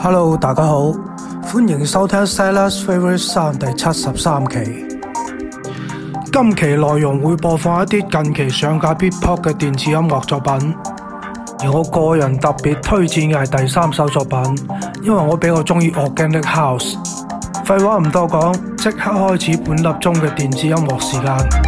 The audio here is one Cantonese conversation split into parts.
Hello，大家好，歡迎收聽《Silas Favorite Song》第七十三期。今期內容會播放一啲近期上架 Beatport 嘅電子音樂作品，而我個人特別推薦嘅係第三首作品，因為我比較中意《Organic House》。廢話唔多講，即刻開始本粒鐘嘅電子音樂時間。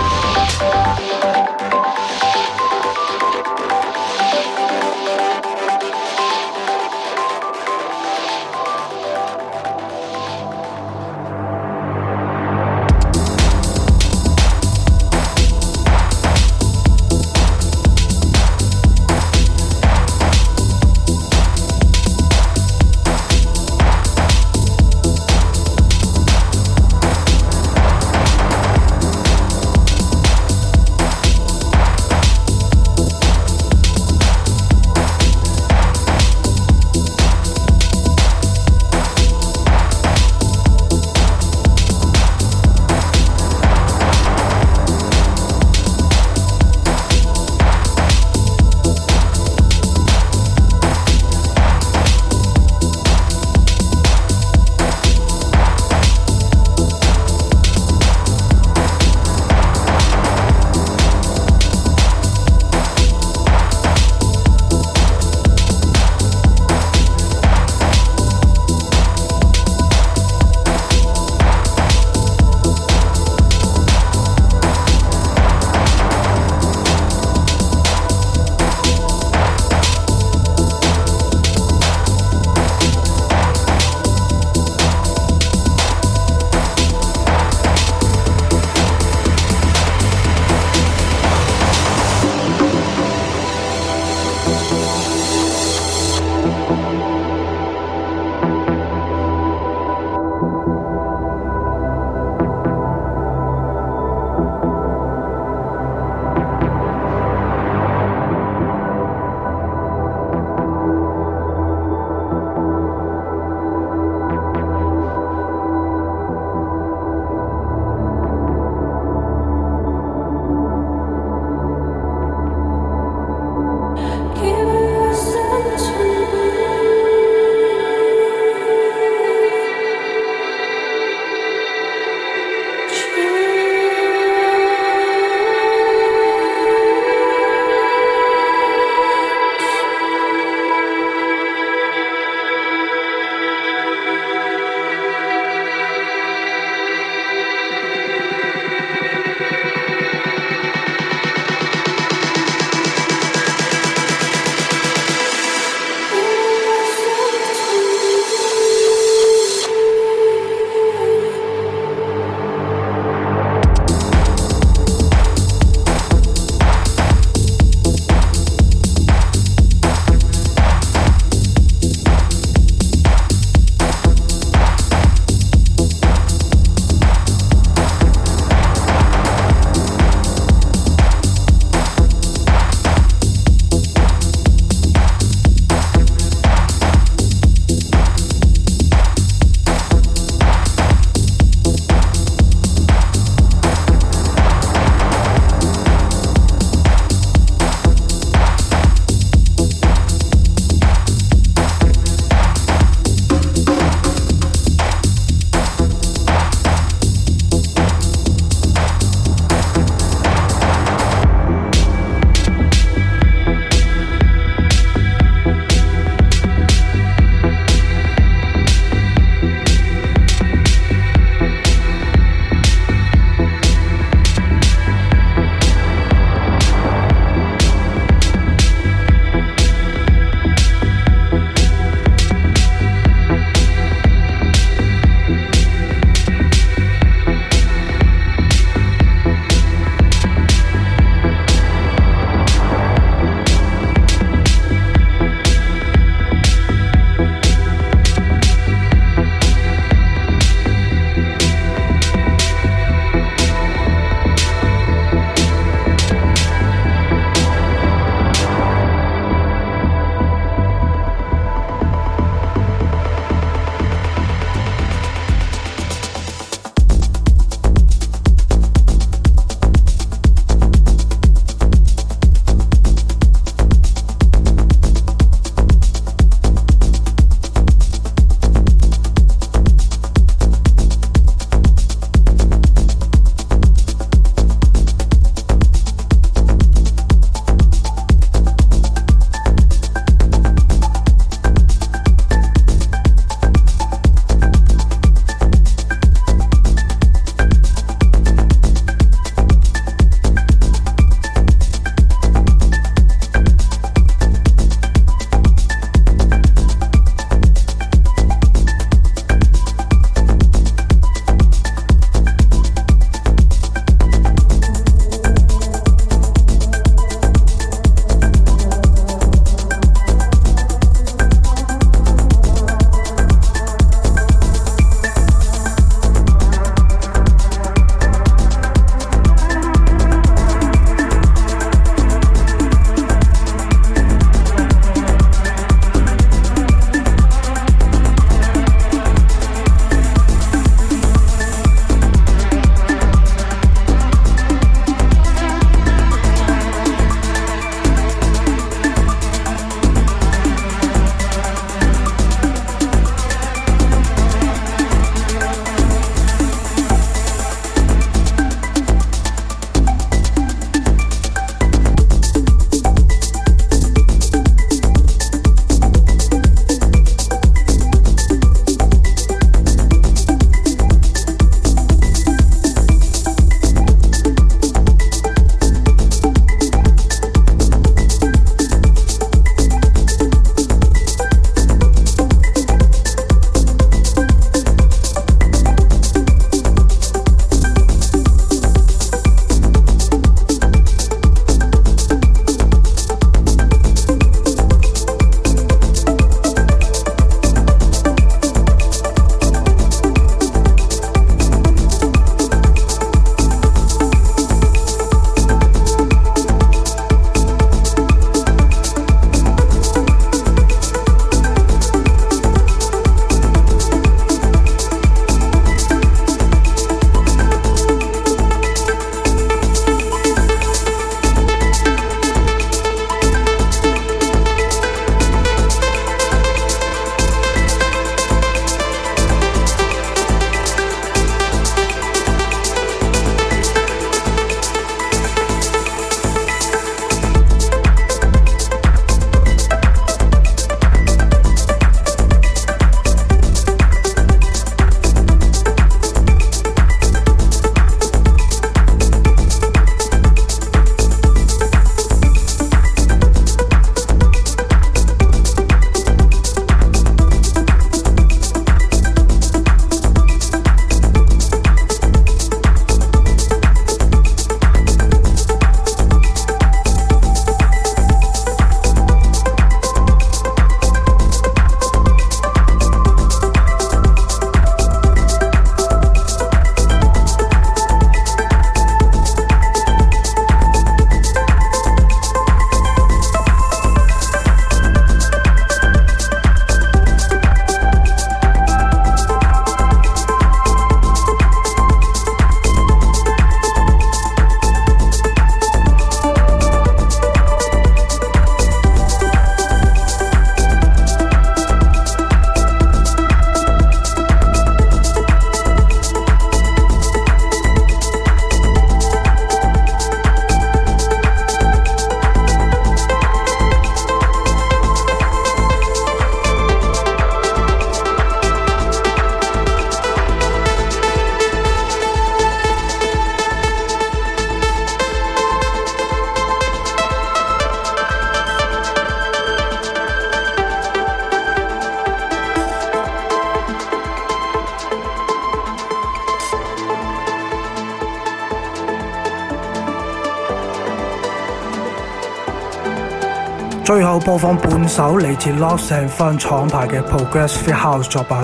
最後播放半首嚟自 Lost and Fun 廠牌嘅 Progressive House 作品。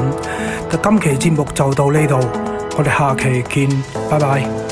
今期節目就到呢度，我哋下期見，拜拜。